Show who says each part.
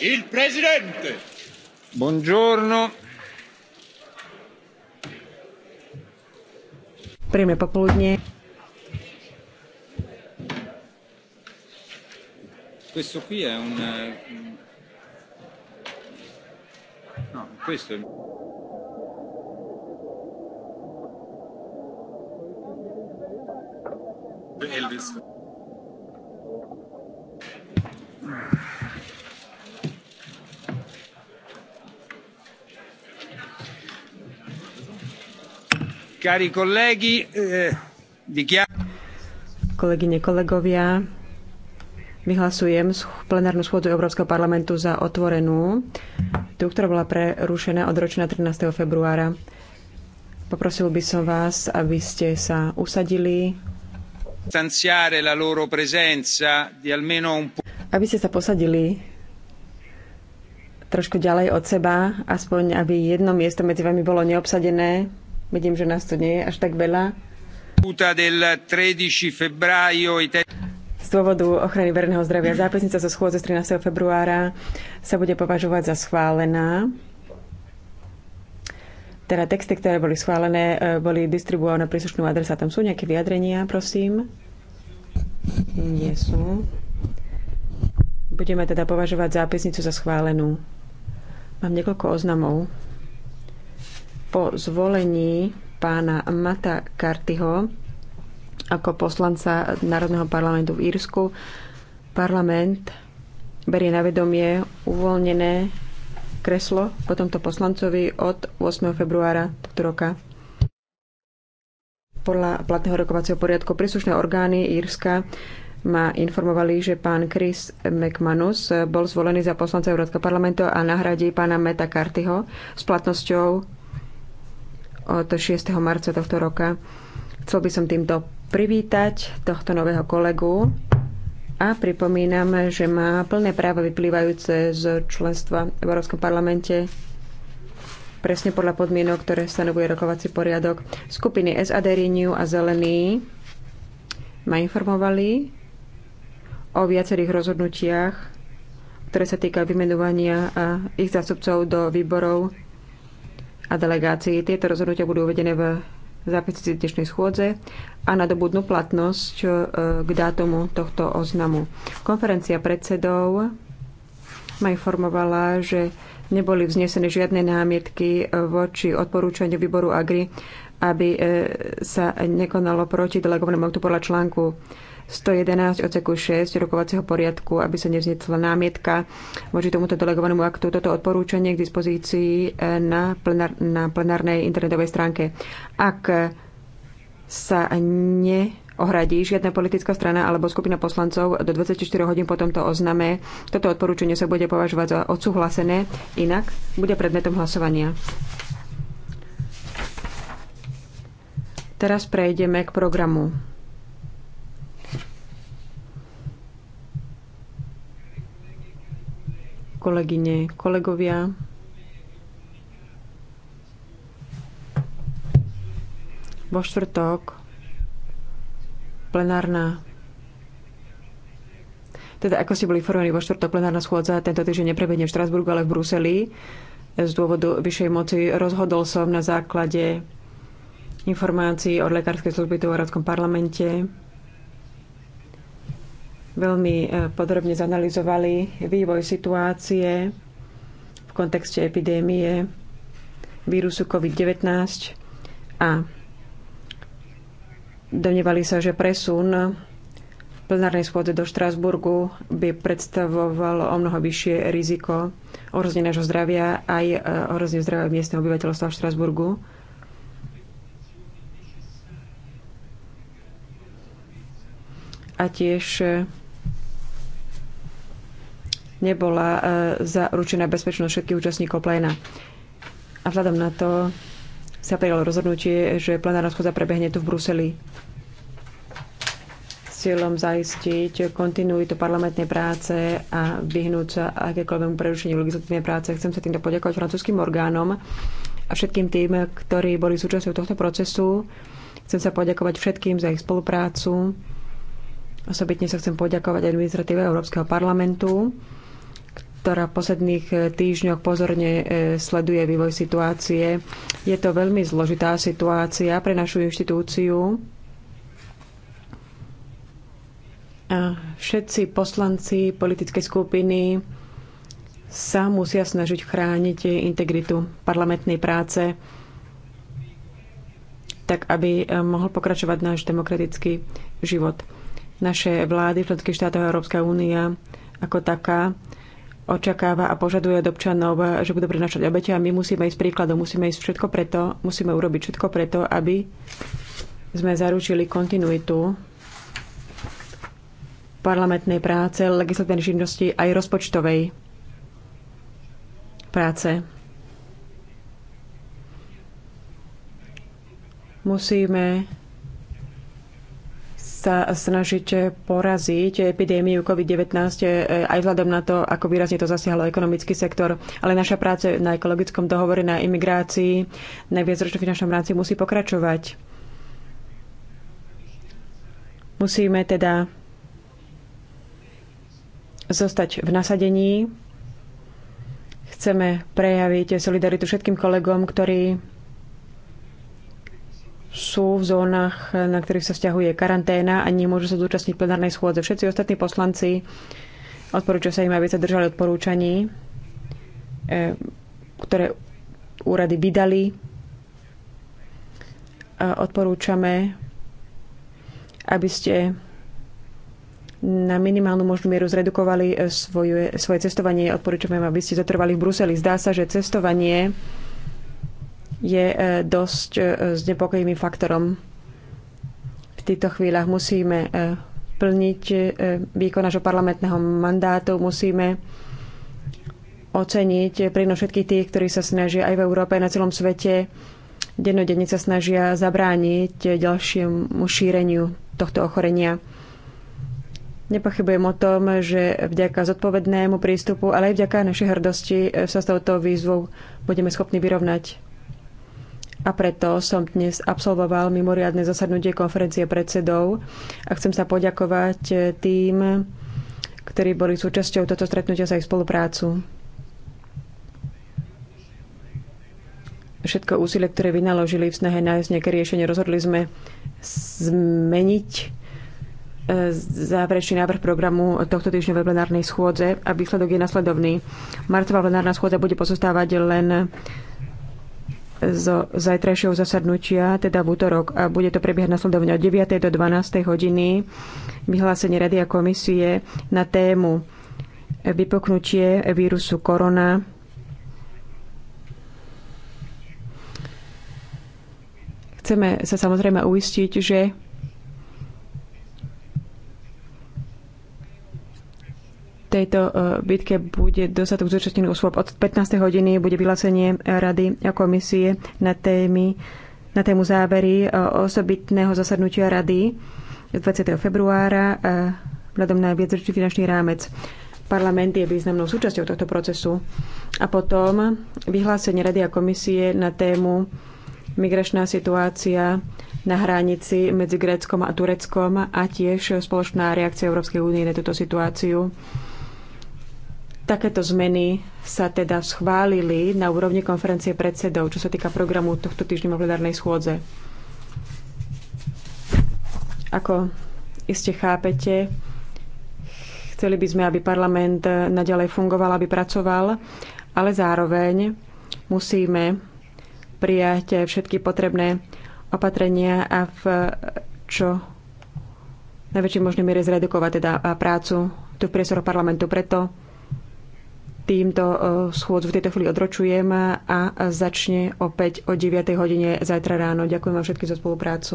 Speaker 1: Il presidente. Buongiorno. Prime popoludne. Questo qui è un... Eh, no, questo è... Elvis. Eh, Kolegyne, kolegovia, vyhlasujem plenárnu schôdzu Európskeho parlamentu za otvorenú, tú, ktorá bola prerušená od ročna 13. februára. Poprosil by som vás, aby ste sa usadili, aby ste sa posadili trošku ďalej od seba, aspoň aby jedno miesto medzi vami bolo neobsadené, Vidím, že nás tu nie je až tak veľa. Z dôvodu ochrany verejného zdravia zápisnica zo schôdze z 13. februára sa bude považovať za schválená. Teda texty, ktoré boli schválené, e, boli distribuované príslušným adresátom. Sú nejaké vyjadrenia, prosím? Nie sú. Budeme teda považovať zápisnicu za schválenú. Mám niekoľko oznamov po zvolení pána Mata Cartyho ako poslanca Národného parlamentu v Írsku parlament berie na vedomie uvoľnené kreslo po tomto poslancovi od 8. februára tohto roka. Podľa platného rokovacieho poriadku príslušné orgány Írska ma informovali, že pán Chris McManus bol zvolený za poslanca Európskeho parlamentu a nahradí pána Meta Cartyho s platnosťou od 6. marca tohto roka. Chcel by som týmto privítať tohto nového kolegu a pripomínam, že má plné práva vyplývajúce z členstva v Európskom parlamente presne podľa podmienok, ktoré stanovuje rokovací poriadok. Skupiny SAD Renew a Zelený ma informovali o viacerých rozhodnutiach, ktoré sa týka vymenovania ich zástupcov do výborov a delegácií. Tieto rozhodnutia budú uvedené v zápisnici dnešnej schôdze a nadobudnú platnosť e, k dátumu tohto oznamu. Konferencia predsedov ma informovala, že neboli vznesené žiadne námietky voči odporúčaniu výboru AGRI, aby e, sa nekonalo proti delegovanému aktu podľa článku 111 odseku 6 rokovacieho poriadku, aby sa nevznikla námietka voči tomuto delegovanému aktu. Toto odporúčanie k dispozícii eh, na, plenár, na plenárnej internetovej stránke. Ak sa ne ohradí žiadna politická strana alebo skupina poslancov do 24 hodín po tomto ozname. Toto odporúčanie sa bude považovať za odsúhlasené, inak bude predmetom hlasovania. Teraz prejdeme k programu. kolegyne, kolegovia. Vo štvrtok plenárna teda ako ste boli formovaní vo štvrtok plenárna schôdza tento týždeň neprebehne v Štrasburgu, ale v Bruseli. Z dôvodu vyššej moci rozhodol som na základe informácií od lekárskej služby v Európskom parlamente veľmi e, podrobne zanalizovali vývoj situácie v kontexte epidémie vírusu COVID-19 a domnievali sa, že presun plenárnej schôdze do Štrásburgu by predstavoval o mnoho vyššie riziko ohrozenia nášho zdravia aj e, ohrozenie zdravia miestneho obyvateľstva v Štrásburgu. A tiež e, nebola e, zaručená bezpečnosť všetkých účastníkov pléna. A vzhľadom na to sa prijalo rozhodnutie, že plenárna schôdza prebehne tu v Bruseli s cieľom zaistiť kontinuitu parlamentnej práce a vyhnúť sa akékoľvek prerušeniu legislatívnej práce. Chcem sa týmto poďakovať francúzským orgánom a všetkým tým, ktorí boli súčasťou tohto procesu. Chcem sa poďakovať všetkým za ich spoluprácu. Osobitne sa chcem poďakovať administratíve Európskeho parlamentu, ktorá v posledných e, týždňoch pozorne e, sleduje vývoj situácie. Je to veľmi zložitá situácia pre našu inštitúciu. A všetci poslanci politickej skupiny sa musia snažiť chrániť integritu parlamentnej práce, tak aby e, mohol pokračovať náš demokratický život. Naše vlády v členských štátoch Európska únia ako taká očakáva a požaduje od občanov, že budú prinašať obete a my musíme ísť príkladom, musíme ísť všetko preto, musíme urobiť všetko preto, aby sme zaručili kontinuitu parlamentnej práce, legislatívnej činnosti aj rozpočtovej práce. Musíme sa snažíte poraziť epidémiu COVID-19 e, aj vzhľadom na to, ako výrazne to zasiahlo ekonomický sektor. Ale naša práca na ekologickom dohovore, na imigrácii, na viacročnom finančnom rámci musí pokračovať. Musíme teda zostať v nasadení. Chceme prejaviť solidaritu všetkým kolegom, ktorí sú v zónach, na ktorých sa vzťahuje karanténa a nemôžu sa zúčastniť plenárnej schôdze. Všetci ostatní poslanci odporúča sa im, aby sa držali odporúčaní, e, ktoré úrady vydali. Odporúčame, aby ste na minimálnu možnú mieru zredukovali e, svoje, svoje cestovanie. Odporúčame, aby ste zatrvali v Bruseli. Zdá sa, že cestovanie je e, dosť e, znepokojivým faktorom. V týchto chvíľach musíme e, plniť výkon nášho parlamentného mandátu, musíme oceniť prínos všetkých tých, ktorí sa snažia aj v Európe, aj na celom svete, dennodenne sa snažia zabrániť ďalšiemu šíreniu tohto ochorenia. Nepochybujem o tom, že vďaka zodpovednému prístupu, ale aj vďaka našej hrdosti sa s touto výzvou budeme schopní vyrovnať a preto som dnes absolvoval mimoriadne zasadnutie konferencie predsedov a chcem sa poďakovať eh, tým, ktorí boli súčasťou toto stretnutia za ich spoluprácu. Všetko úsilie, ktoré vynaložili v snahe nájsť nejaké riešenie, rozhodli sme zmeniť eh, záverečný návrh programu tohto týždňovej plenárnej schôdze a výsledok je nasledovný. Marcová plenárna schôdza bude pozostávať len zo zajtrajšieho zasadnutia, teda v útorok, a bude to prebiehať nasledovne od 9. do 12. hodiny, vyhlásenie Rady a komisie na tému vypoknutie vírusu korona chceme sa samozrejme uistiť, že tejto e, bitke bude dostatok zúčastnených osôb. Od 15. hodiny bude vyhlásenie Rady a komisie na, témy, na tému závery e, osobitného zasadnutia Rady 20. februára e, vzhľadom na viacročný finančný rámec. Parlament je významnou súčasťou tohto procesu. A potom vyhlásenie Rady a komisie na tému migračná situácia na hranici medzi Gréckom a Tureckom a tiež spoločná reakcia Európskej únie na túto situáciu. Takéto zmeny sa teda schválili na úrovni konferencie predsedov, čo sa týka programu tohto týždňa plenárnej schôdze. Ako iste chápete, chceli by sme, aby parlament naďalej fungoval, aby pracoval, ale zároveň musíme prijať všetky potrebné opatrenia a v čo najväčšej možnej miere zredukovať teda prácu tu v priestoroch parlamentu. Preto Týmto e, schôdzu v tejto chvíli odročujem a začne opäť o 9. hodine zajtra ráno. Ďakujem vám všetkým za spoluprácu.